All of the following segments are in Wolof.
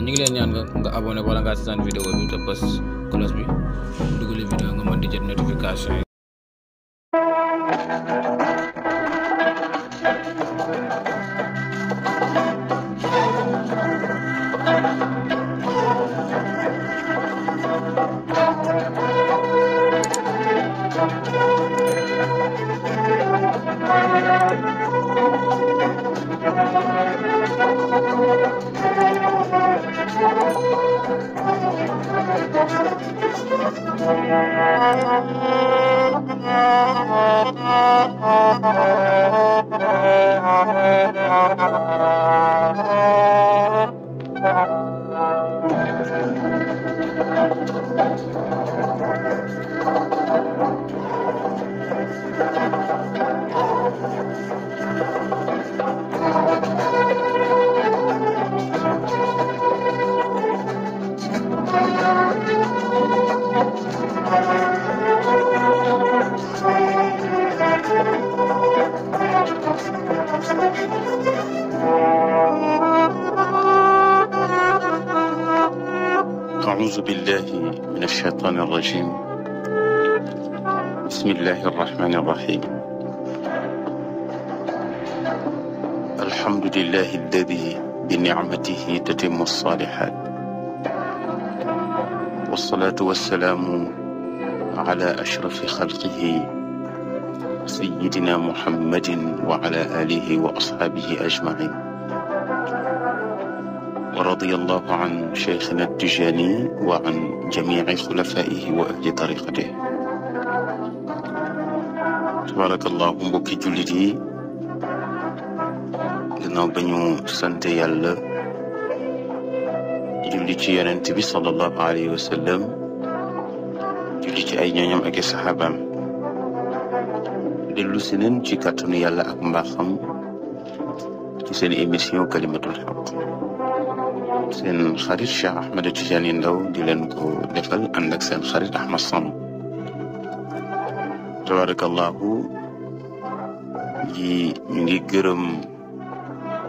ñu ngi leen ñaan nga nga abonné wala ngaa seetaan vidéo bi bi dugale vidéo nga mën di jot الرحيم الحمد لله الذي بنعمته تتم الصالحات والصلاة والسلام على أشرف خلقه سيدنا محمد وعلى آله وأصحابه أجمعين ورضي الله عن شيخنا التجاني وعن جميع خلفائه وأهل طريقته tabarakallahu mbokki jullit yi ginnaaw ba ñu sant yàlla julli ci yonent bi sallallahu alayhi wa sallam julli ay ñooñam ak i saxaabaam dellu si ci kàttanu yàlla ak mbaaxam ci seen émission kalimatul xaq seen xarit Cheikh Ahmed Tidiane Ndaw di leen ko defal ànd ak seen xarit Ahmed Samb tabarakallahu ji ñu ngi gërëm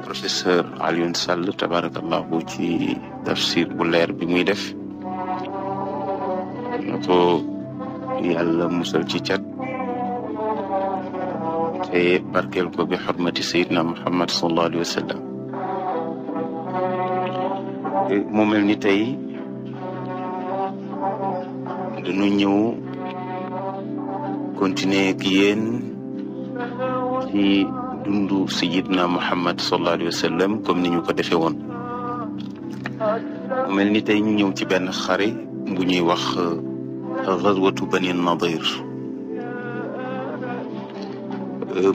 professeur Alioune Sall tabarakallahu ci tafsir bu leer bi muy def na ko yàlla musal ci cat te barkeel ko bi xormati sayidna muhammad sallallahu alayhi wa e, mu mel ni tey dañu ñëw continuer ak ci dundu sayidna muhammad sallallahu alayhi wasallam comme niñu ko defé won melni tay ñu ñëw ci ben xari bu ñuy wax ghazwatu bani nadir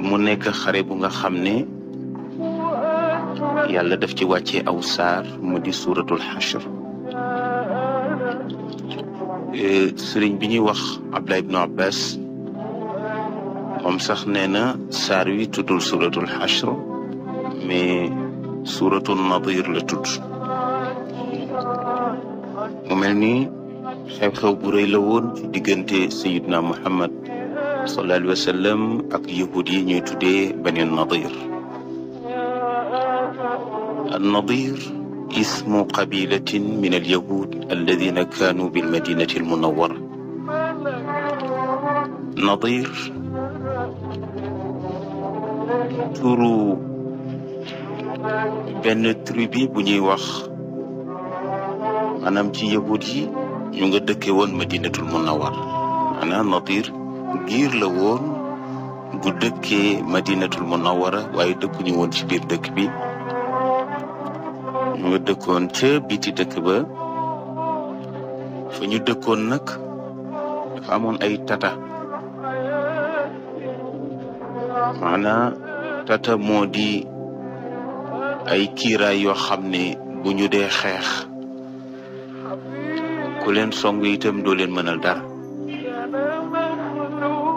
mu nekk xare bu nga xam ne yàlla daf ci wàccee aw saar mu di suratul xashr sëriñ bi ñuy wax abdullah ibnu abbas moom sax nee na saar wi tuddul suratul xashr mais suratul nadir la tudd mu mel ni xew-xew bu rëy la woon ci diggante sayidna muhammad sallallahu alayhi wa sallam ak yahud yi ñuy tuddee bani nadir النضير اسم قبيلة من اليهود الذين كانوا بالمدينة المنورة نضير turu benn bi bu ñuy wax maanaam ci yahut yi ñu nga dëkke woon madinatul munawar maanaam Nadir giir la woon gu dëkkee madinatul munawara waaye dëkkuñu woon ci biir dëkk bi ñu nga dëkkoon ca biti dëkk ba fa ñu dëkkoon nag dafa amoon ay tata maanaa tata moo di ay kiiraay yoo xam ne bu ñu dee xeex ku leen song itam doo leen mënal dar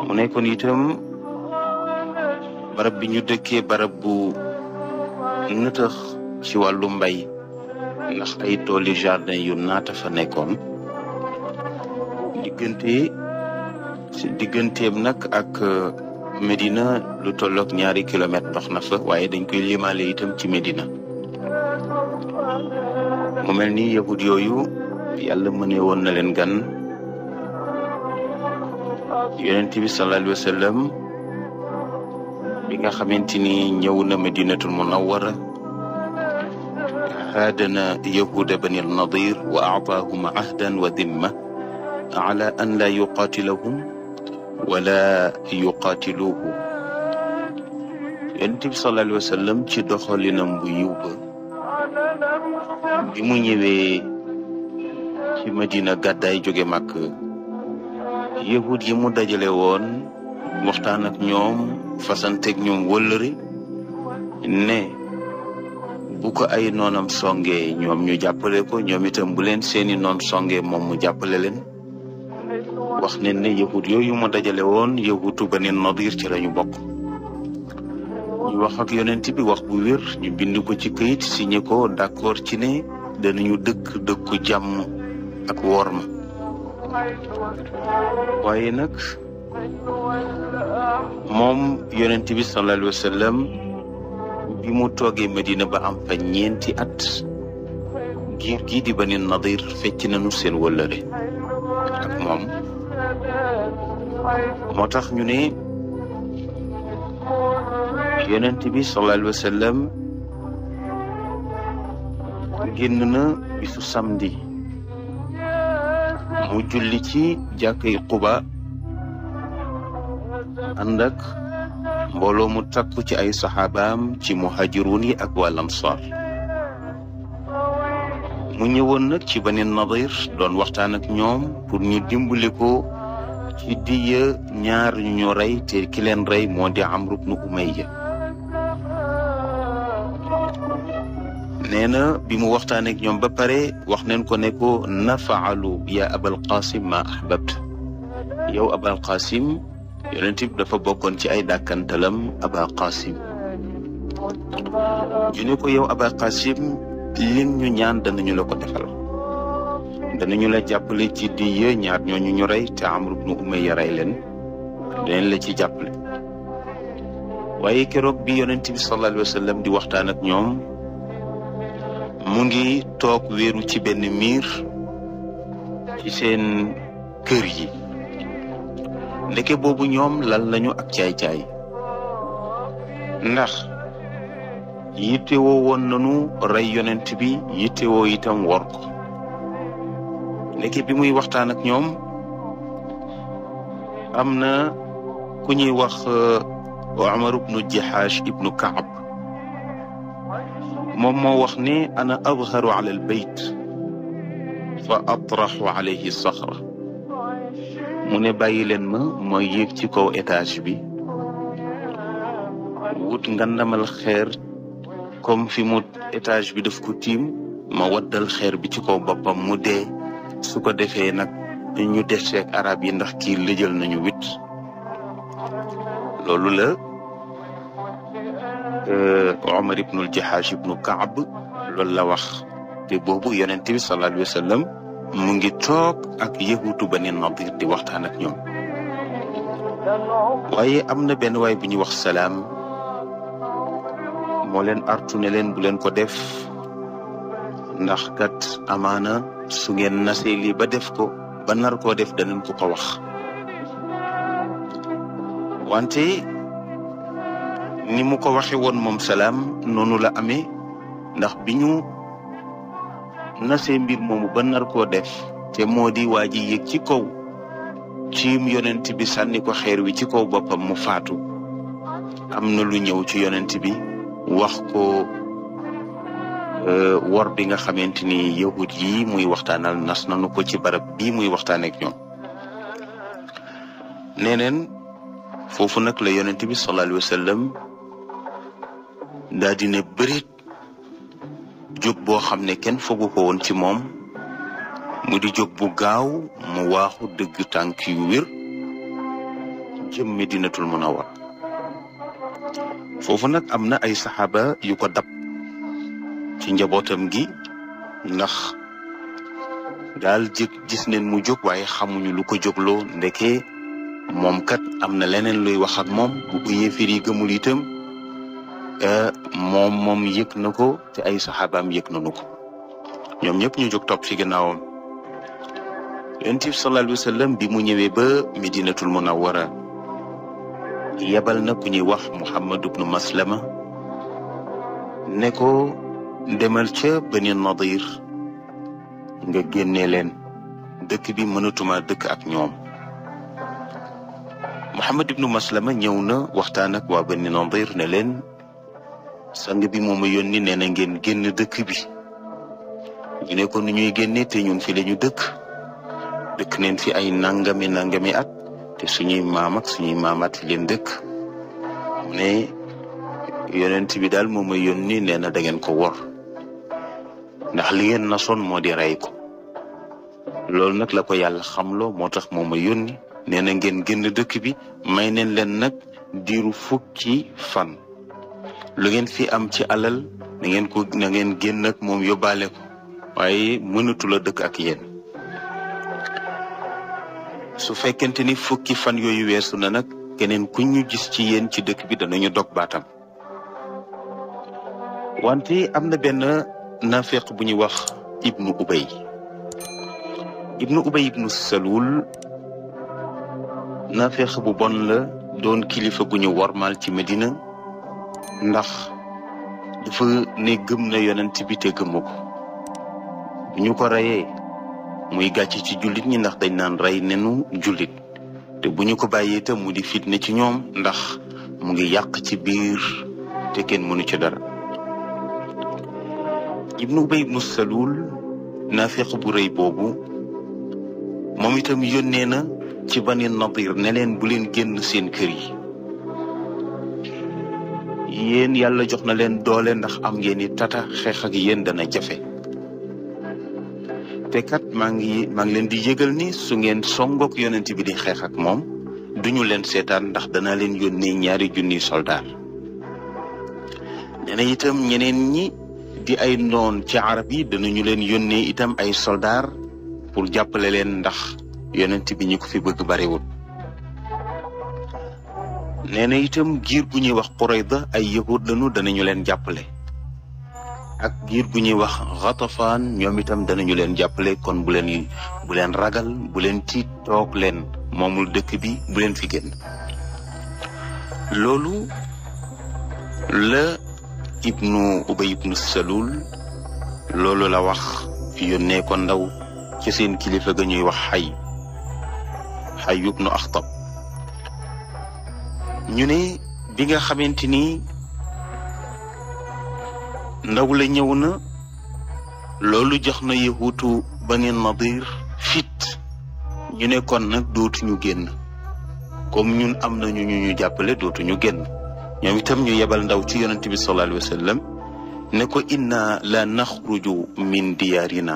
mu nekkoon itam barab bi ñu dëkkee barab bu nëtëx ci wàllu mbay ndax ay tooli jardin yu naata fa nekkoon diggante si digganteem nag ak Medina lu tolloog ñaari kilomètre dox na fa waaye dañ koy limaale itam ci Medina mu mel ni yahud yooyu yàlla mëne woon na leen gan yonent bi sallallahu alayhi wa sallam bi nga xamante ni ñëw na Madinatul Munawwara haadana yahuda bani al-Nadir wa aataahum ahdan wa dimma ala an la yuqaatilahum wala yuqaatiluuhu yonent bi sallallahu ci doxalinam bu yiw ba bi mu ñëwee ci Madina gàddaay jóge màkk yahud yi mu dajale woon waxtaan ak ñoom fasanteeg ñoom wëllëri ne bu ko ay noonam songee ñoom ñu jàppale ko ñoom itam bu leen seeni noon songee moom mu jàppale leen wax ne ne yahud yooyu ma dajale woon yahutu Bani Nadir ci lañu bokk ñu wax ak yonent bi wax bu wér ñu bind ko ci këyit signé ko d'accord ci ne danañu dëkk dëkku jàmm ak woor ma waaye nag moom yonent bi sallallahu alayhi wa bi mu toogee Medina ba am fa ñeenti at giir gii di ba Bani Nadir fecc nañu seen wëllëre moo tax ñu ne yonent bi sallallahu alayhi génn na bisu samedi mu julli ci jàkkay Quba ànd ak mbooloo mu takku ci ay saxaabaam ci muhaajiruun yi ak wal ansaar mu ñëwoon nag ci Bani Nadir doon waxtaan ak ñoom pour ñu dimbali ko ci diya ñaar ñu ñu rey te ki leen rey moo di amr ibnu umayya neena bi mu waxtaan ak ñoom ba pare wax neen ko ne ko nafaalu ya abal qasim ma ahbabt yow abal qasim yonent bi dafa bokkoon ci ay dàkkantalam aba qasim ñu ne ko yow aba qasim lim ñu ñaan danañu la ko defal danañu la jàppale ci diya ñaar ñooñu ñu rey te Amr ibnu Umayya rey leen danañ la ci jàppale waaye keroog bi yonent bi solo alayhi wa sallam di waxtaan ak ñoom mu ngi toog wéeru ci benn miir ci seen kër yi ndeke boobu ñoom lal nañu ak caay-caay ndax yittewoo woon nañu rey yonent bi yittewoo itam wor ko équipe bi muy waxtaan ak ñoom am na ku ñuy wax Omar ibnu Jihash ibnu Kaab moom moo wax ne ana azharu ala albayt fa atraxu alayhi saxra mu ne bàyyi leen ma mooy yéeg ci kaw étage bi wut ngandamal xeer comme fi mu étage bi daf ko tiim ma waddal xeer bi ci kaw boppam mu dee su ko defee nag ñu def ak arab yi ndax kii lëjal nañu wit loolu la euh, Omar ibnul Jaxaas ibnu Kaab loolu la wax te boobu yonent bi sallallahu alayhi wa mu ngi toog ak yahuutu Bani Nadir di waxtaan ak ñoom waaye am na benn waay bu ñuy wax salaam moo leen artu ne leen bu leen ko def ndax kat amaana su ngeen nasee lii ba def ko ba nar koo def danañ ko ko wax wante ni mu ko waxe woon moom salaam noonu la ame ndax bi nase mbir momu ba nar koo def te moo di waa ji yëg ci kaw ciim yonent bi sànni ko xeer wi ci kaw boppam mu faatu am na lu ñëw ci yonent bi wax ko Euh, wor bi nga xamante ni yahud yi muy waxtaanal nas nanu ko ci barab bii muy waxtaaneek ñoom neneen foofu nag la yonent bi sallallahu alayhi wasallam daa di ne bërit jóg boo xam fogu ko ci mu di jóg bu gaaw mu waaxu dëgg tànk yu wér jëm medinatul ay sahaba yu ko dab ci njabootam gi ndax daal jëg gis neen mu jóg waaye xamuñu lu ko jógloo ndeke moom kat am na leneen luy wax ak moom bu ko yéefir yi gëmul itam euh, moom moom yëg na ko te ay saxaabaam yëg nañu ko ñoom ñëpp ñu jóg topp ci ginnaawam yonent bi sallallahu alayhi wa sallam bi mu ñëwee ba Medinatul Munawwara yebal na ku ñuy wax Muhammad ibnu Maslama ne ko demal ca Bani Nadir nga génnee leen dëkk bi mënatuma dëkk ak ñoom Muhammad ibnu Maslama ñëw na waxtaan ak wa Bani Nadir ne leen sang bi moom a yónni nee na ngeen génn dëkk bi ñu ne ko nu ñuy génnee te ñun fi lañu dëkk dëkk neen fi ay nangami nangami at te suñuy maam suñuy maamaat fi leen dëkk mu ne yonent bi daal moom a yónni nee na da ko wor ndax li ngeen na nasoon moo di rey ko loolu nag la ko yàlla xam loo moo tax moom ma yónni nee na ngeen génn dëkk bi may neen leen nag diiru ci fan lu ngeen fi am ci alal na ngeen ko na ngeen génn ak moom yóbbaale ko waaye mënatu la dëkk ak yéen su fekkente ni fukki fan yooyu weesu na nag keneen kuñu ñu gis ci yéen ci dëkk bi danañu dog baatam wante am na benn naafeq bu ñuy wax ibnu ubay ibnu ubay ibnu salul naafeq bu bon la doon kilifa gu ñu warmal ci Medina ndax dafa ne gëm na yonent bi te gëmu ko bu ñu ko reyee muy gàcc ci jullit ñi ndax dañ naan rey nenu jullit te bu ñu ko bàyyee itam mu di fitna ci ñoom ndax mu ngi yàq ci biir te kenn mënu ci dara ibnu ubay ibnu salul naafiq bu rëy boobu moom itam yónnee na ci bani nadir ne bu leen génn seen kër yi yéen yàlla jox na leen doole ndax am ngeen ni tata xeex ak yéen dana jafe te kat maa ngi maa ngi leen di yëgal ni su ngeen songook yonent bi di xeexak moom duñu leen seetaan ndax dana leen yónnee ñaari junniy soldaar nee itam ñeneen ñi di ay noon ci arab yi danañu leen yónnee itam ay soldaar pour jàppale leen ndax yonent bi ñu ko fi bëgg bariwul nee itam giir gu ñuy wax Qurayda ay yahud lañu danañu leen jàppale ak giir gu ñuy wax Xatafaan ñoom itam danañu leen jàppale kon bu leen bu ragal bu leen tiit toog leen moomul dëkk bi bu leen fi génn loolu la ibnu ubay ibnu salul loolu la wax yónnee ko ndaw ci seen kilifa ga ñuy wax xay xay ibnu axtab ñu ne bi nga xamante ni ndaw la ñëw na loolu jox na yahuutu ba ngeen nadir fit ñu nekkoon kon nag dootuñu génn comme ñun am nañu ñu ñu jàppale dootuñu génn ñoom itam ñu yebal ndaw ci yonent bi sallallahu alayhi ne ko inna la naxruju min diyaarina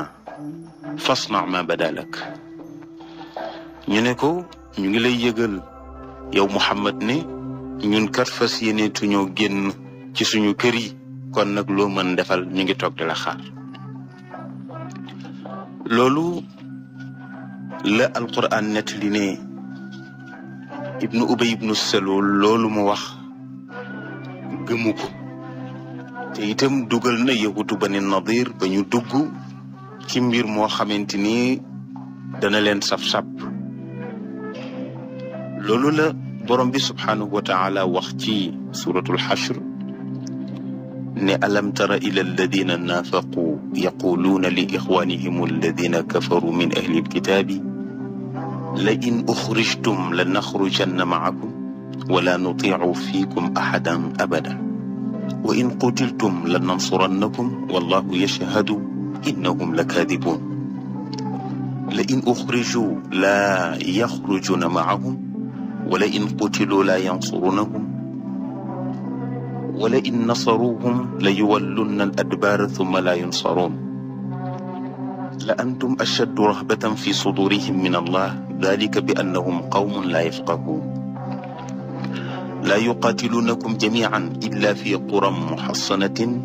fasna ma badalak ñu ne ko ñu ngi lay yëgal yow Muhammad ne ñun kat fas yéeneetu ñoo génn ci suñu kër yi kon nag loo mën defal ñu ngi toog di la xaar loolu la alquran net li ne ibnu ubay ibnu salul loolu mu wax gëmu ko te itam dugal na yahutu bani nadir ba ñu dugg ci mbir moo xamante ni dana len saf-sap loolu la borom bi subhanahu wa taala wax ci suratul hashr ne alam tara ila alladina nafaqu yaquluuna li ikhwanihim alladina kafaru min ahli alkitabi la in uxrijtum la naxrujanna ولا نطيع فيكم أحدا أبدا وإن قتلتم لننصرنكم والله يشهد إنهم لكاذبون لئن أخرجوا لا يخرجون معهم ولئن قتلوا لا ينصرونهم ولئن نصروهم ليولن الأدبار ثم لا ينصرون لأنتم أشد رهبة في صدورهم من الله ذلك بأنهم قوم لا يفقهون لا يقاتلونكم جميعا إلا في قرى محصنة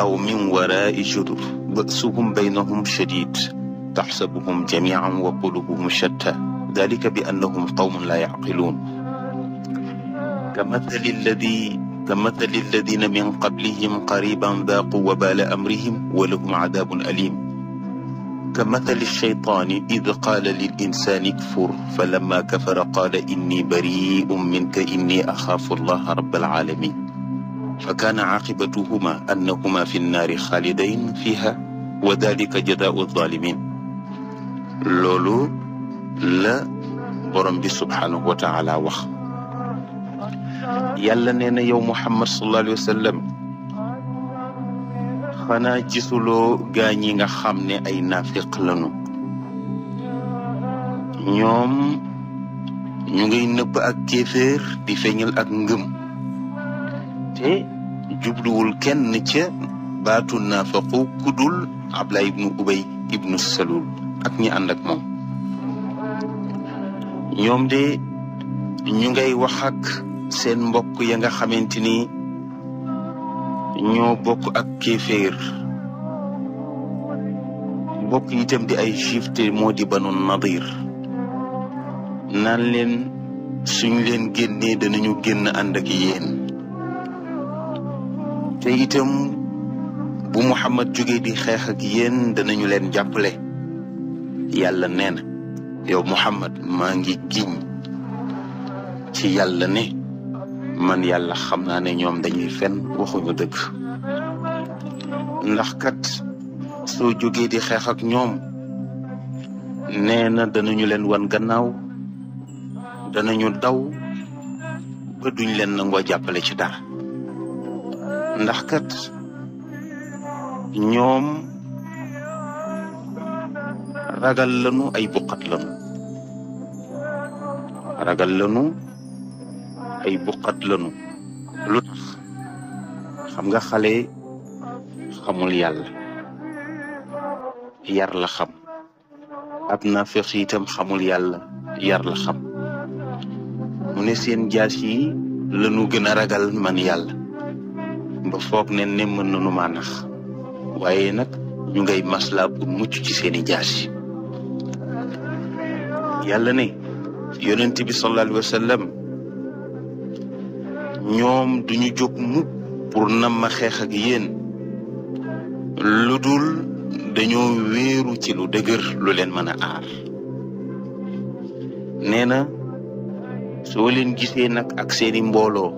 أو من وراء جدر بأسهم بينهم شديد تحسبهم جميعا وقلوبهم شتى ذلك بأنهم قوم لا يعقلون كمثل الذي كمثل الذين من قبلهم قريبا ذاقوا وبال أمرهم ولهم عذاب أليم كمثل الشيطان إذ قال للإنسان اكفر فلما كفر قال إني بريء منك إني أخاف الله رب العالمين فكان عاقبتهما أنهما في النار خالدين فيها وذلك جزاء الظالمين لولو لا برم سبحانه وتعالى وخ يلا نينا يوم محمد صلى الله عليه وسلم xanaa gisuloo gaa nga xam ne ay naafiq lañu ñoom ñu ngay nëbb ak kéeféer di feeñal ak ngëm te jubluwul kenn ca baatu naafaqu kudul abla ibnu ubay ibnu salul ak ñi ànd ak moom ñoom de ñu ngay wax seen mbokk ya nga xamante ni ñoo bokk ak kéeféer bokk itam di ay juif te moo di banu nadir naan leen suñ leen génnee danañu génn ànd ak yéen te itam bu Muhammad jógee di xeexak ak yéen danañu leen jàppale yàlla nee na yow Muhammad maa ngi giñ ci yàlla ne man yàlla xam naa ne ñoom dañuy fen waxuñu dëgg ndax kat soo jógee di xeex ak ñoom nee na danañu leen wan gannaaw danañu daw ba duñ leen nangoo jàppale ci dara ndax kat ñoom ragal lanu ay buqat lanu ragal lanu ay buqat lanu lu tax xam nga xale xamul yàlla yar la xam ab na fex itam xamul yàlla yar la xam mu ne seen jaas yi lanu gën a ragal man yàlla ba foog ne ne mën nanu maa nax waaye nag ñu ngay maslaa bu mucc ci seeni jaas yi ne yonent bi sallallahu alayhi wa ñoom duñu jóg mukk pour nam ma xeex ak yéen lu dul dañoo wéeru ci lu dëgër lu leen mën a aar nee na soo leen gisee nag ak seeni mbooloo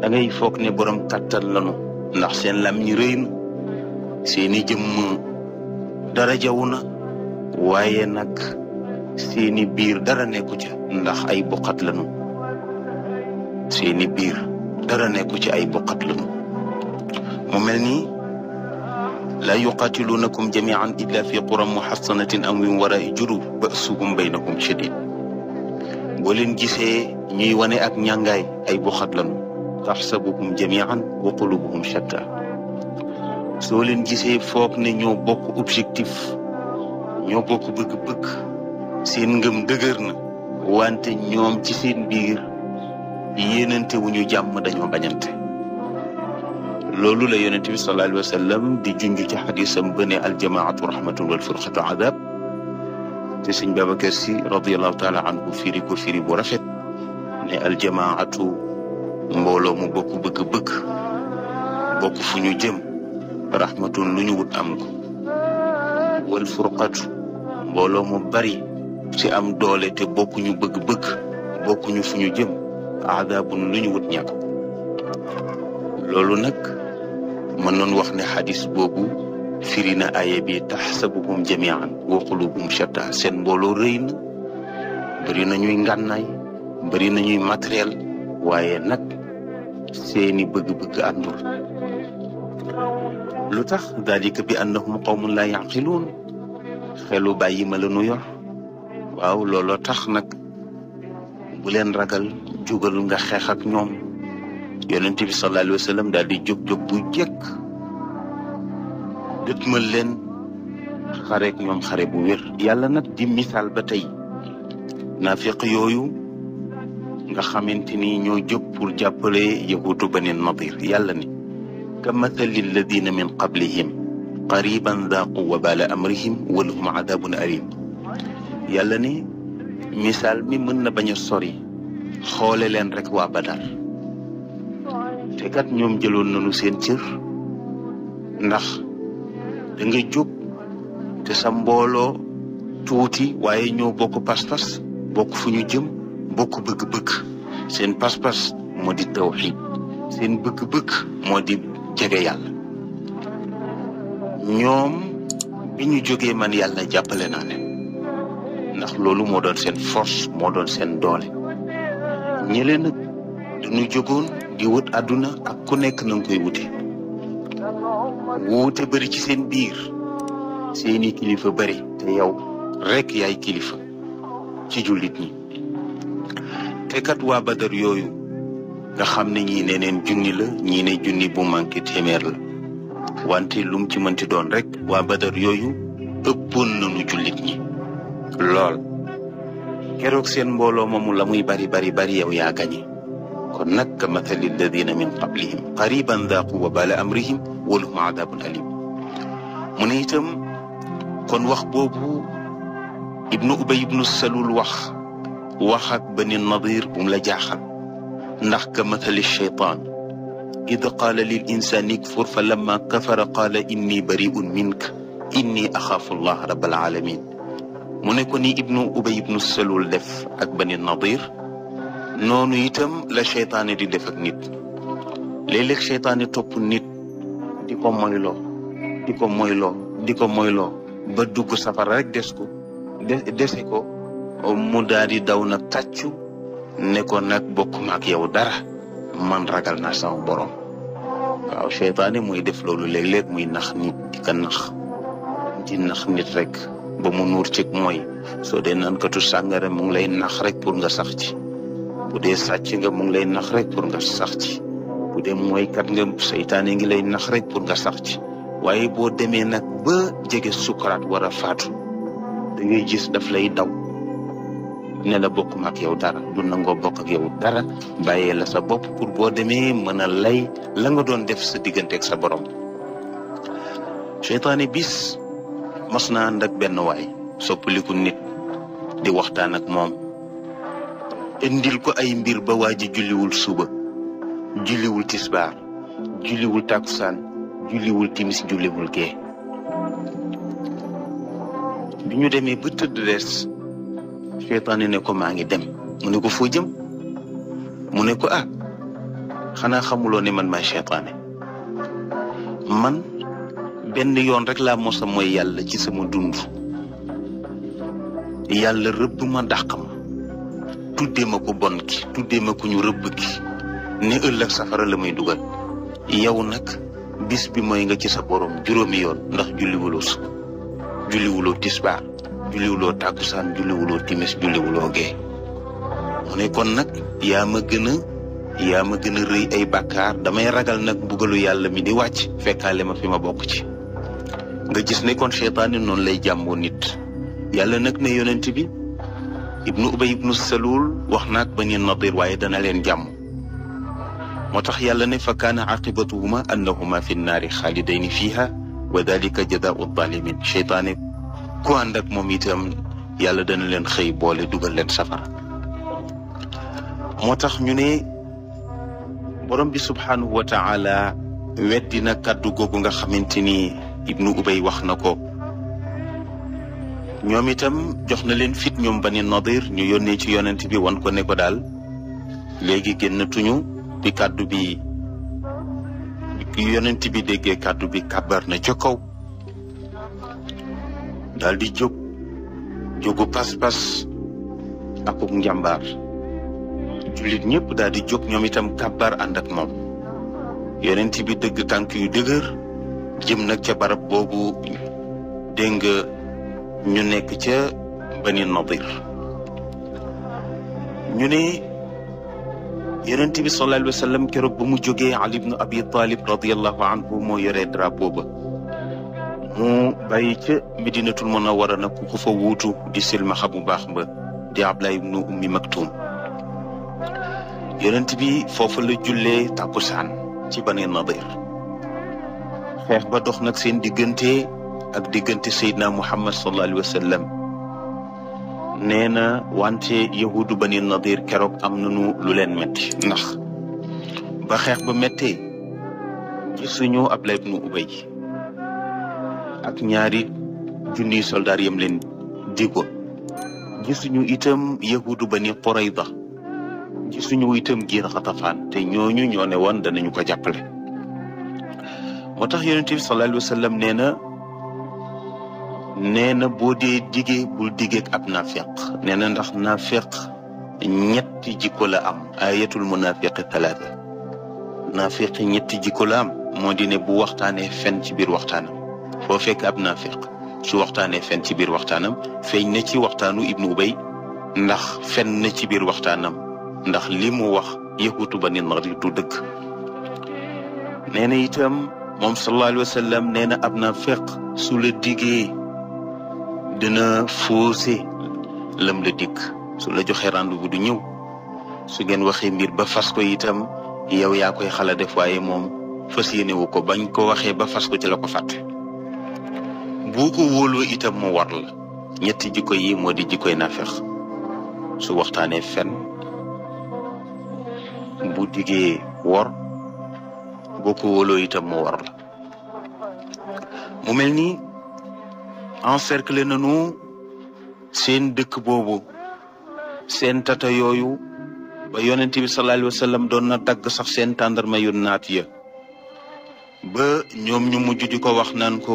dangay ngay ne borom kàttan lanu ndax seen lam ñi rëy na seeni jëmm dara jawu na waaye nag seeni biir dara nekku ca ndax ay boqat lanu seeni biir dara nekku ci ay buqat lañu mu mel ni laa yuqaatiluunakum jamian illa fi quran muhassanatin am min wara'i jurub ba'suhum baynakum shadid boo leen gisee ñuy wane ak ñàngaay ay buqat lañu taxsabuhum jamian wa qulubuhum shatta soo leen gisee foog ne ñoo bokk objectif ñoo bokk bëgg-bëgg seen ngëm dëgër na wante ñoom ci seen biir yéenante wu ñu jàmm dañoo bañante loolu la yonente bi sallallahu wa sallam di junj ci xadisam ba ne aljamaatu rahmatun wal furqatu adab te sëñ Babacar si radiallahu taala anhu firi ko firi bu rafet ne aljamaatu mbooloo mu bokk bëgg-bëgg bokk fu ñu jëm rahmatun lu ñu wut am ko wal furqatu mbooloo mu bari si am doole te bokkuñu bëgg-bëgg bokkuñu fu ñu jëm Ada lu ñu wut ña ko loolu nag mën wax ne xadis bobu firi ayebi aye bi taxsabuhum jamian wa qulubuhum shatta seen mbooloo rëy na bëri na ñuy ngànnaay bëri na ñuy matériel waaye nag seeni bëgg-bëgg àndul lu dalika bi annahum qawmun la xelu la tax bu ragal jugal nga xex ak ñoom yonent bi sallallahu alayhi wasallam dal di jóg jóg bu jek jëkk len xare ak ñoom xare bu wér yàlla nak di misal ba tay nafiq yoyu nga xamanteni ño jóg pour jàppale yahuutu bani nadir yàlla ni ka mathali alladina min qablihim qariban daaqu wabala amrihim walahum adabun alim yàlla ni misaal mi mën na bañ a xoole leen rek waa badar te kat ñoom jëloon nañu seen cër ndax da nga jóg te sa mbooloo tuuti waaye ñoo bokk pas-pas bokk fu ñu jëm bokk bëgg-bëgg seen pas-pas modi di tawxid seen bëgg-bëgg moo di jege yàlla ñoom bi ñu jógee man yàlla jàppale naa leen ndax loolu moo doon seen force moo doon seen doole ñële nag dañu jógoon di wut àdduna ak ku nekk na koy wute wuute bari ci seen biir seeni kilifa bari te yow rekk yaay kilifa ci jullit ñi te kat waa Badar yooyu nga xam na ñii ne neen junni la ñii ne junni bu manqué téeméer la wante lu mu ci mënti doon rek waa Badar yooyu ëppoon nañu jullit ñi lool كروك سين بولو مم لا موي باري باري باري او ياغاني كن نك مثل الذين من قبلهم قريبا ذاقوا وبال امرهم ولهم عذاب اليم منيتم كن واخ بوبو ابن ابي ابن السلول واخ واخك بن النضير بوم لا جاخال نخ مثل الشيطان إذا قال للإنسان اكفر فلما كفر قال إني بريء منك إني أخاف الله رب العالمين mu ne ko ni ibnu ubay ibnu selul def ak bani nadir noonu itam la seytaane di def ak nit léeg-léeg seytaane topp nit di ko moyloo di ko moyloo di ko moyloo ba dugg safara rek des ko dese ko mu daal di daw nag tàccu ne ko nag bokkuma ak yow dara man ragal naa sama borom waaw seytaane mooy def loolu léeg-léeg muy nax nit di ko nax di nax nit rek ba mu nuur ci mooy soo dee nankatu sàngara mu ngi lay nax rek pour nga sax ci bu dee sàcc nga mu lay nax rek pour nga sax ci bu dee mooykat nga seytaane ngi lay nax rek pour nga sax ci waaye boo demee nag ba jege sukaraat war a faatu da ngay gis daf lay daw ne la bokk ma ak yow dara du nangoo bokk ak yow dara bàyyee la sa bopp pour boo demee mën a lay la nga doon def sa digganteeg sa borom seytaane bis mas naa benn waay soppaliku nit di waxtaan ak moom indil ko ay mbir ba waa ji julliwul suba julliwul tisbaar julliwul takusaan julliwul timis julliwul gee bi ñu demee ba tëdd des ne ko maa ngi dem mu ne ko foo jëm mu ne ko ah xanaa xamuloo ne man may seytaane man benn yoon rek laa mosa mooy yàlla ci sama dund yàlla rëbb ma dàq ma tuddee ma ko bon ki tuddee ma ko ñu rëbb ki ne ëllëg safara la may dugal yow nag bis bi mooy nga ci sa borom juróomi yoon ndax julliwuloo su julliwuloo tisbaar julliwuloo tàkkusaan julliwuloo timis julliwuloo gee mu ne kon nag yaa ma gën yaa ma gën a rëy ay bakkaar damay ragal nag bugalu yàlla mi di wàcc fekkaale ma fi ma bokk ci nga gis ne kon cheytaani noonu lay jàmboo nit yàlla nag na yonent bi ibnu ubay ibnu salul wax naak bani nadir waaye dana leen jàmm moo tax yàlla ne fa kaana aqibatuhuma annahuma fi nnaari xaalidayni fiiha wa dalika jazaau zalimin cheytaane ku ànd ak moom itam yàlla dana leen xëy boole dugal leen safara moo tax ñu ne borom bi subhaanahu wa taala weddi na kàddu googu nga xamante ni ibnu ubay wax na ko ñoom itam jox na leen fit ñoom ba bani nadir ñu yónnee ci yonent bi wan ko ne ko daal léegi génn tuñu bi kàddu bi yonent bi déggee kàddu bi kàbbar na ca kaw daal di jóg jógu pas-pas akuk njàmbaar jullit ñëpp daal di jóg ñoom itam kàbbar ànd ak moom yonent bi dëgg tànk yu dëgër jëm nag ca barab boobu dégg nga ñu nekk ca bani nadir ñu ne yonent bi sallallahu keroog ba mu jógee ali ibnu abi talib radiallahu anhu moo yoree drapeau ba mu bàyyi ca medinatul munawwara nag ku ko fa wuutu di silmaxa bu baax ba di ablaay ibnu ummi maktum yonent bi foofu la jullee tàkkusaan ci bani nadir xeex ba dox nag seen diggante ak diggante Seydina Muhammad sallallahu alayhi wa na wante yahudu bani nadir keroog am na nañu lu leen métti ndax ba xeex ba méttee gisuñu Abdallah ibnu Ubay ak ñaari junniy soldaar yam leen digoon gisuñu itam yahudu bani Qurayda gisuñu itam giir Xatafaan te ñooñu ñoo ne woon danañu ko jàppale moo tax yonent bi sallallahu alayhi wa sallam nee na nee na boo dee digee bul digeeg ab nafiq nee na ndax nafiq ñetti jikko la am ayatul munafiqi talaata nafiq ñetti jikko la am moo di ne bu waxtaanee fen ci biir waxtaanam foo fekk ab nafiq su waxtaanee fen ci biir waxtaanam feeñ na ci waxtaanu ibnu ubay ndax fen na ci biir waxtaanam ndax li wax yëgutu ba ni du dëgg nee itam moom sallallahu alayhi wa sallam nee na ab naafeq su la diggee dina faussé lam la dikk su la joxee rendez-vous du ñëw su ngeen waxee mbir ba fas ko itam yow yaa koy xala def waaye moom fas yéene ko bañ ko waxee ba fas ko ci la ko fàtte itam mu war la ñetti jikko yi moo di jikkoy naafeq su waxtaanee fen bu digee wor boo ko wóoloo itam mu war la mu mel ni encercler nañu seen dëkk boobu seen tata yooyu ba yonent bi sallallahu alayhi wa sallam doon na dagg sax seen tàndarma yu naat ya ba ñoom ñu mujj di ko wax naan ko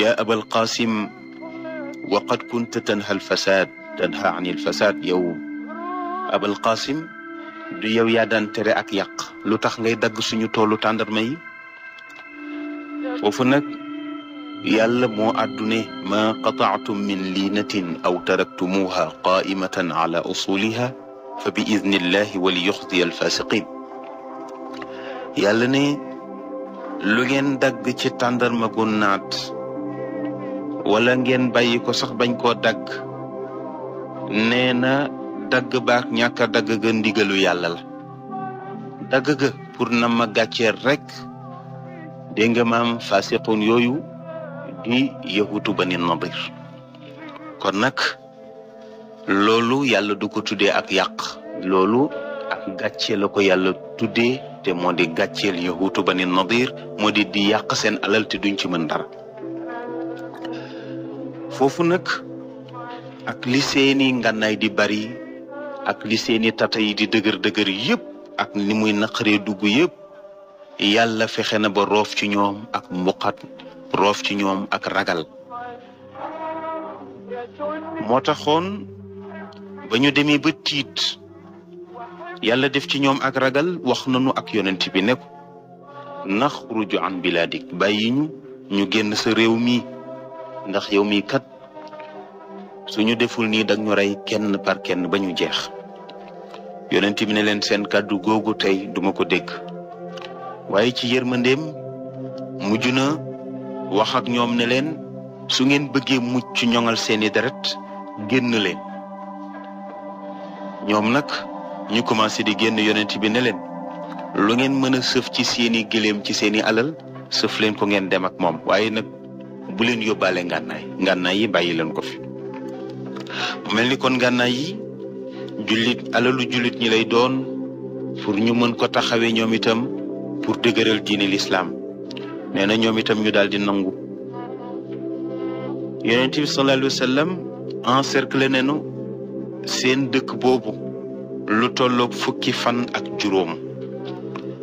ya abal qasim wa qad kunta tanha al fasad tanha ani al fasad yow abal qasim du yow yaa daan tere ak yàq lu tax ngay dagg suñu toolu tàndarma yi foofu nag yàlla moo àddune ma qataatum min liinatin aw taraktumuha qaimatan ala usuliha fa bi idnillahi wa li yuxdiya alfasiqin yàlla ne lu ngeen dagg ci tàndarma gu naat wala ngeen bàyyi ko sax bañ koo dagg nee na dagg baak ñàkk a dagg ga ndigalu yàlla la dagg ga pour na ma gàcceer rekk dégg nga maam fasiqun yooyu di ba bani nadir kon nag loolu yàlla du ko tuddee ak yàq loolu ak gàcce la ko yàlla tuddee te moo di gàcceel yahutu bani nadir moo di di yàq seen alal te duñ ci mën dara foofu nag ak li seeni ngannaay di bari ak li seeni tata yi di dëgër dëgër yëpp ak ni muy naqaree dugg yëpp yàlla fexe na ba roof ci ñoom ak mbuqat roof ci ñoom ak ragal moo taxoon ba ñu demee ba tiit yàlla def ci ñoom ak ragal wax nañu ak yonent bi ne ko naxruju an bilaadik bàyyi ñu ñu génn sa réew mi ndax yow mii kat suñu deful nii dag ñu rey kenn par kenn ba ñu jeex yonent bi ne leen seen kàddu googu tey duma ko dégg waaye ci yërmandeem mujj na wax ak ñoom ne leen su ngeen bëggee mucc ñoŋal seeni deret génn leen ñoom nag ñu commencé di génn yonent bi ne leen lu ngeen mën a sëf ci seeni gëléem ci seeni alal sëf leen ko ngeen dem ak moom waaye nag bu leen yóbbaale ngànnaay ngànnaay yi bàyyi leen ko fi mel ni kon ngànnaay yi jullit alalu jullit ñi lay doon pour ñu mën ko taxawee ñoom itam pour dëgëral diine lislaam nee na ñoom itam ñu daal di nangu yonent bi sallallahu alayhi wa sallam encerclé nañu seen dëkk boobu lu tolloog fukki fan ak juróom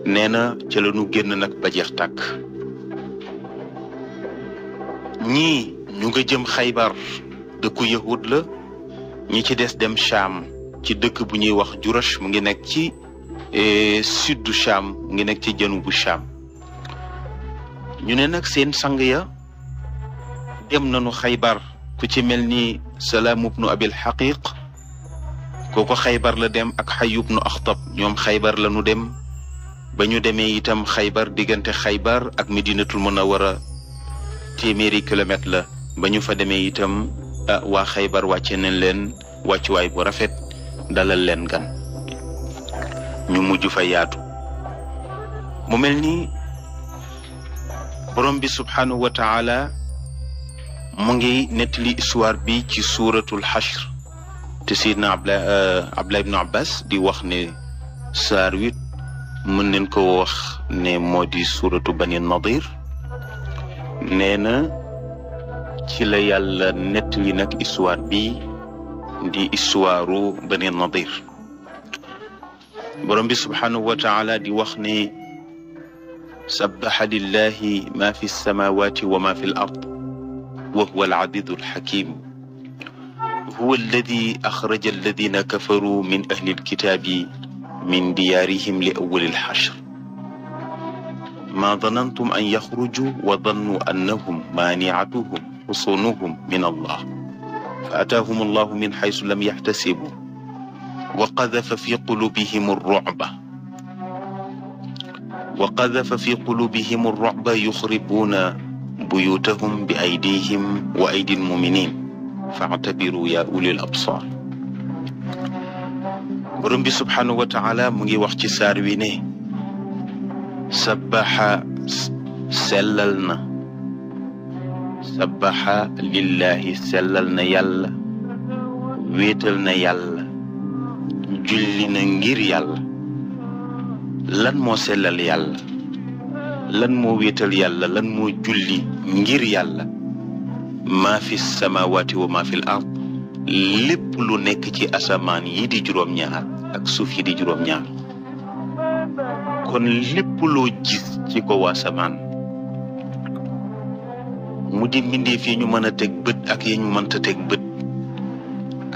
nee na ca génn nag ba jeex tàkk ñii ñu nga jëm xaybar dëkku yahud la ñi ci des dem Shaam ci dëkk bu ñuy wax jurash mu ngi nekk ci eh, sud du sham mu ngi nekk ci jënu bu ñu ne nag seen sang ya dem nañu xaybar ku ci mel ni abil xaqiq kooku xaybar la dem ak xayub nu axtab ñoom xaybar la nu dem ba ñu demee itam xaybar diggante xaybar ak medinatul munawara téeméeri kilomètre la ba ñu fa demee itam ah, waa xaybar wàcce nañ leen wàccuwaay bu rafet dalal len gan ñu muju fa yaatu mu melni borom bi subhanahu wa taala mu ngi netli histoire bi ci suratul hashr te sidna abla abla ibnu abbas di wax ne sar wit mën nañ ko wax ne modi di bani nadir neena ci la yàlla nettali nak histoire bi دي اسوارو بني النضير برم سبحانه وتعالى دي وخني سبح لله ما في السماوات وما في الأرض وهو العديد الحكيم هو الذي أخرج الذين كفروا من أهل الكتاب من ديارهم لأول الحشر ما ظننتم أن يخرجوا وظنوا أنهم مانعتهم حصونهم من الله فأتاهم الله من حيث لم يحتسبوا وقذف في قلوبهم الرعب وقذف في قلوبهم الرعب يخربون بيوتهم بأيديهم وأيدي المؤمنين فاعتبروا يا أولي الأبصار borom سبحانه وتعالى wa وقت سارويني سبح سللنا sabaxa lillahi sellal na yàlla wéetal na yàlla julli na ngir yàlla lan moo sellal yàlla lan moo wéetal yàlla lan moo julli ngir yàlla maa fi samawaati wa maa fi l ard lépp lu nekk ci asamaan yi di juróom-ñaar ak suuf yi di juróom-ñaar kon lépp loo gis ci kaw asamaan mu di mbindeef yi ñu mën a teg bët ak yi ñu mënta teg bët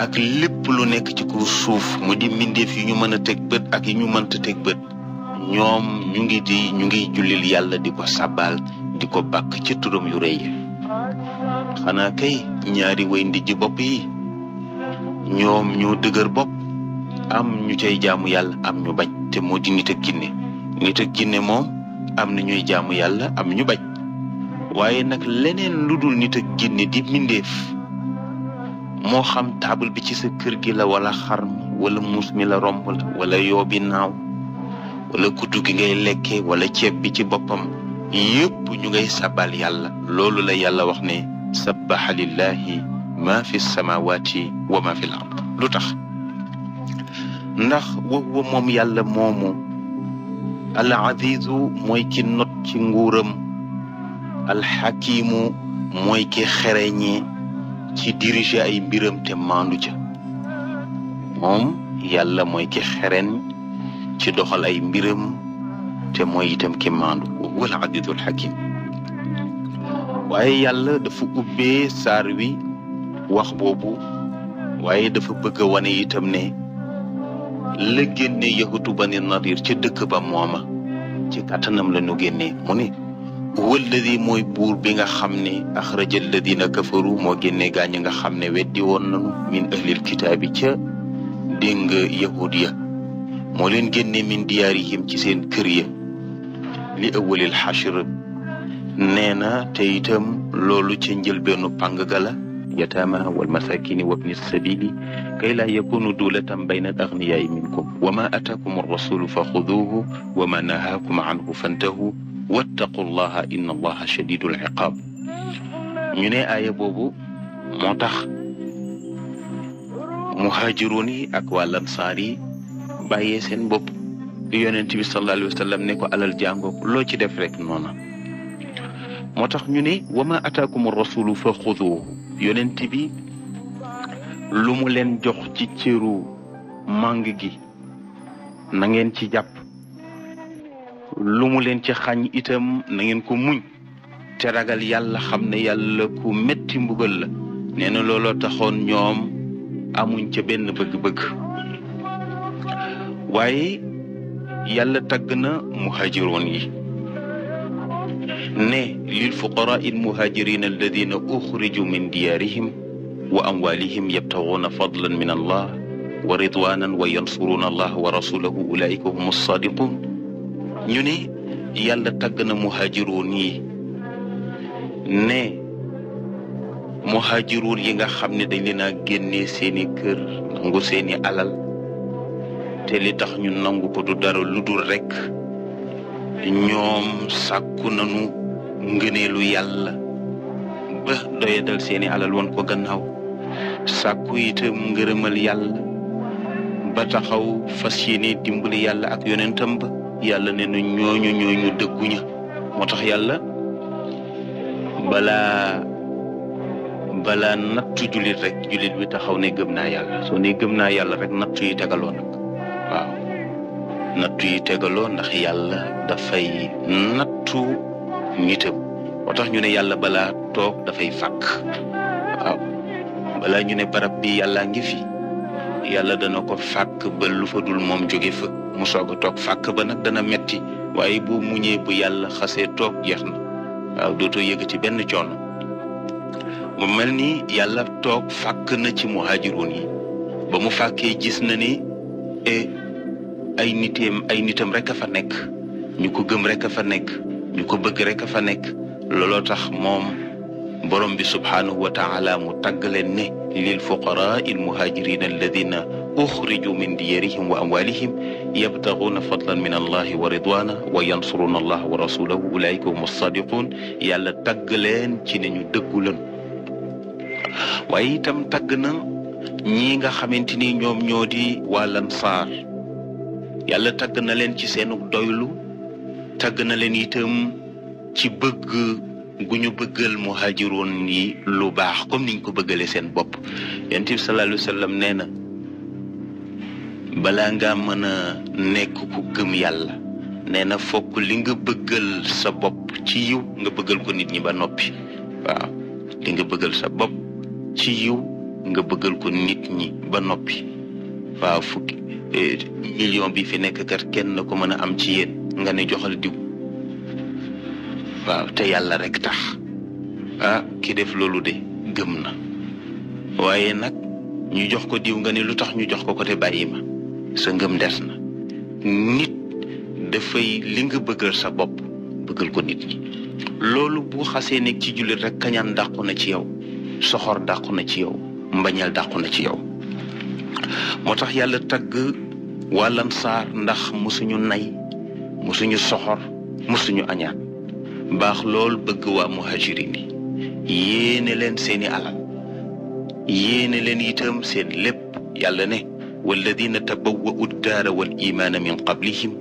ak lépp lu nekk ci kaw suuf mu di mbindeef yi ñu mën a teg bët ak yi ñu mënta teg bët ñoom ñu ngi di ñu ngi jullil yàlla di ko sàbbaal di ko bàkk ci turam yu rëy xanaa kay ñaari way ndijji bopp yi ñoom ñoo dëgër bopp am ñu cay jaamu yàlla am ñu bañ te moo di nit ak ginne na ñuy jaamu yàlla am ñu bañ waye nak leneen luddul nit ak jinne di mindeef mo xam table bi ci sa kër gi la wala xarm wala muus mi la romb la wala yoobi naaw wala kuddu gi ngay lekke wala ceeb bi ci boppam yépp ñu ngay sabbal yàlla loolu la yàlla wax ne sabbaha lillahi ma fi samawati wa ma fi l ard lu tax ndax wawa moom yàlla moomu al azizu mooy ki not ci nguuram alxakimu mooy ki xereñe ci diriger ay mbiram te maandu ca moom yàlla mooy ki xereñ ci doxal ay mbiram te mooy itam ki maandu wal adidul xakim waaye yàlla dafa ubbee saar wi wax boobu waaye dafa bëgg a itam ne la génne yahutu bani nadir ca dëkk ba mooma ci kàttanam la nu génne mu ne wëlladi mooy buur bi nga xam ne axraja alladina kafaru moo génne gaañ nga xam ne weddi woon nanu min ahlil kitaabi ca dégg nga yahud ya moo leen génne min diyaarihim ci seen kër ya li ëwalil xashr nee na te itam loolu ca njëlbeenu pàng gala yataama wal wa wabni sabili kay laa yakunu duulatan bayna al agniyaai minkum wa ma ataakum ar rasulu fa xuduuhu wa ma nahaakum anhu fantahu wattaqullaha inna allaha shadidul iqaab ñu ne aaya boobu moo tax muhaajiroon yi ak waa lansaar yi bàyyee seen bopp yonent bi sallallahu alayhi wa sallam ne ko alal jàngoog loo ci def rek noona moo tax ñu ne wa ma ataakum rasulu fa xuduuhu yonent bi lu mu leen jox ci cëru màng gi na ngeen ci jàpp lu mu leen ci xañ itam na ngeen ko muñ te ragal yàlla xam ne yàlla ku metti mbugal la nee na looloo taxoon amuñ ca benn bëgg-bëgg waaye yàlla tagg na yi ne lil fuqaraa il muhajirin alladina uxriju min diyaarihim wa amwaalihim yabtaguuna fadlan min allah wa ridwanan wa yansuruna allah wa rasulahu ulaika hum ñu ni yàlla tàgg na muhaajiruun yi ne muhaajiruun yi nga xam ne dañ leen a génnee seeni kër nangu seeni alal te li tax ñu nangu ko du dara lu dul rekk ñoom sàkku nañu ngëneelu yàlla ba doyadal seeni alal woon ko gannaaw sàkku itam ngërëmal yàlla ba taxaw fas yéene dimbali yàlla ak yonentam ba yàlla ne nu ñooñu ñooñu dëgguña moo tax yàlla balaa balaa nattu jullit rek jullit bi taxaw ne gëm naa yàlla soo ne gëm naa yàlla rek nattu yi tegaloo nag waaw nattu yi tegaloo ndax yàlla dafay nattu nitam moo tax ñu ne yàlla balaa toog dafay fàkk waaw balaa ñu ne barab bi yàlla ngi fi yàlla dana ko fàkk ba lu fa dul moom jóge fa mu soog a toog fàkk ba nag dana metti waaye bu muñee bu yàlla xasee toog jeex na waaw dootoo yëg ci benn coono mu mel ni yàlla toog fàkk na ci muhaajiroon yi ba mu fàkkee gis na ni e, ay nitam ay nitam rek a fa nekk ñu ko gëm rekk a fa nekk ñu ko bëgg rek a fa nekk looloo tax moom borom bi subhanahu wa taala mu tagg ne lil fuqaraa il muhajirin alladina uxriju min diyarihim wa amwalihim yabtaxuuna fadlan min allahi wa ridwana wa yansuruna allah wa rasulahu ulaayika hum sadiqun yàlla tagg leen ci ne ñu dëggu lan waaye itam tagg na ñii nga xamante ni ñoom ñoo di yàlla tagg na leen ci seenu doylu tagg na leen itam ci bëgg gu ñu bëggal muhaajiroon yi lu baax comme niñ ko bëggale seen bop yonent bi sallallahu alayhi wasallam nee na balaa ngaa mën a nekk ku gëm yàlla nee na fokk li nga bëggal sa bopp ci nga bëggal ko nit ñi ba noppi waaw li nga bëggal sa ci nga bëggal ko nit ñi ba noppi waaw fukki eh, million bi fi nekk kat kenn ko mën a am ci yéen nga ne joxal diw waaw te yàlla rek tax ah ki def loolu de gëm na waaye nag ñu jox ko diw nga ne lu tax ñu jox ko ko bàyyi ma sa ngëm des na nit dafay li nga bëggal sa bopp bëggal ko nit ñi loolu bu xasee nekk ci jullit rek kañaan dàqu na ci yow soxor dàqu na ci yow mbañal dàqu na ci yow moo tax yàlla tagg saar ndax nay musuñu soxor musuñu añaan bax lol bëgg wa muhajirin yene len leen seeni alal yéene leen itam seen lépp yàlla ne wal ladina ad-dara wal iman min qablihim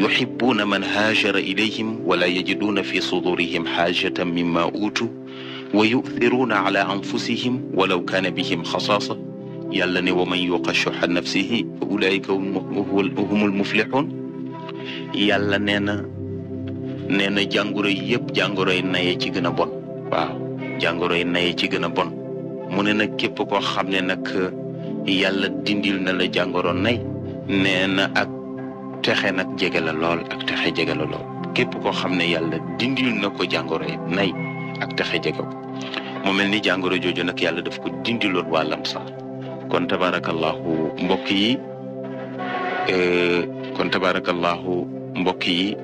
يحبون من هاجر إليهم ولا يجدون في صدورهم حاجة مما أوتوا ويؤثرون على أنفسهم ولو كان بهم خصاصة يلني ومن يوق شح نفسه فأولئك هم المفلحون يلنينا nee jangoro jàngoro jangoro yëpp naye ci gëna bon waaw jangoro yi naye ci gëna bon mu ne nag képp koo xam ne nag dindil na la jangoro nay nee ak texe nak jege la lool ak texe jege lool képp ko xam yalla dindil na ko jangoro nay ak texe jege ko mu melni jangoro jojo nak yalla daf ko dindiloon walam lamsaar kon tabarakallahu mbokk yi kon tabarakallahu mbokk yi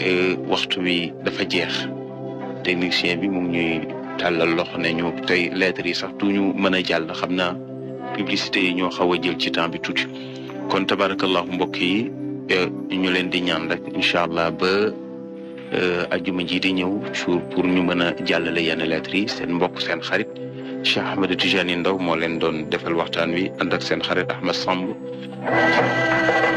Eh, waxtu wi dafa jeex technicien bi mu ngi ñuy tàllal loxo ne ñu tey lettres yi sax duñu mën a jàll xam naa publicité yi ñoo xaw a jël ci temps bi tuuti kon tabarakallahu mbokk yi eh, ñu leen di ñaan rek incha allah ba eh, ajuma ji di ñëw suur pour ñu mën a jàllale yenn lettres yi seen mbokk seen xarit Cheikh Ahmed Tijani Ndaw moo leen doon defal waxtaan wi ànd ak seen xarit Ahmed Samb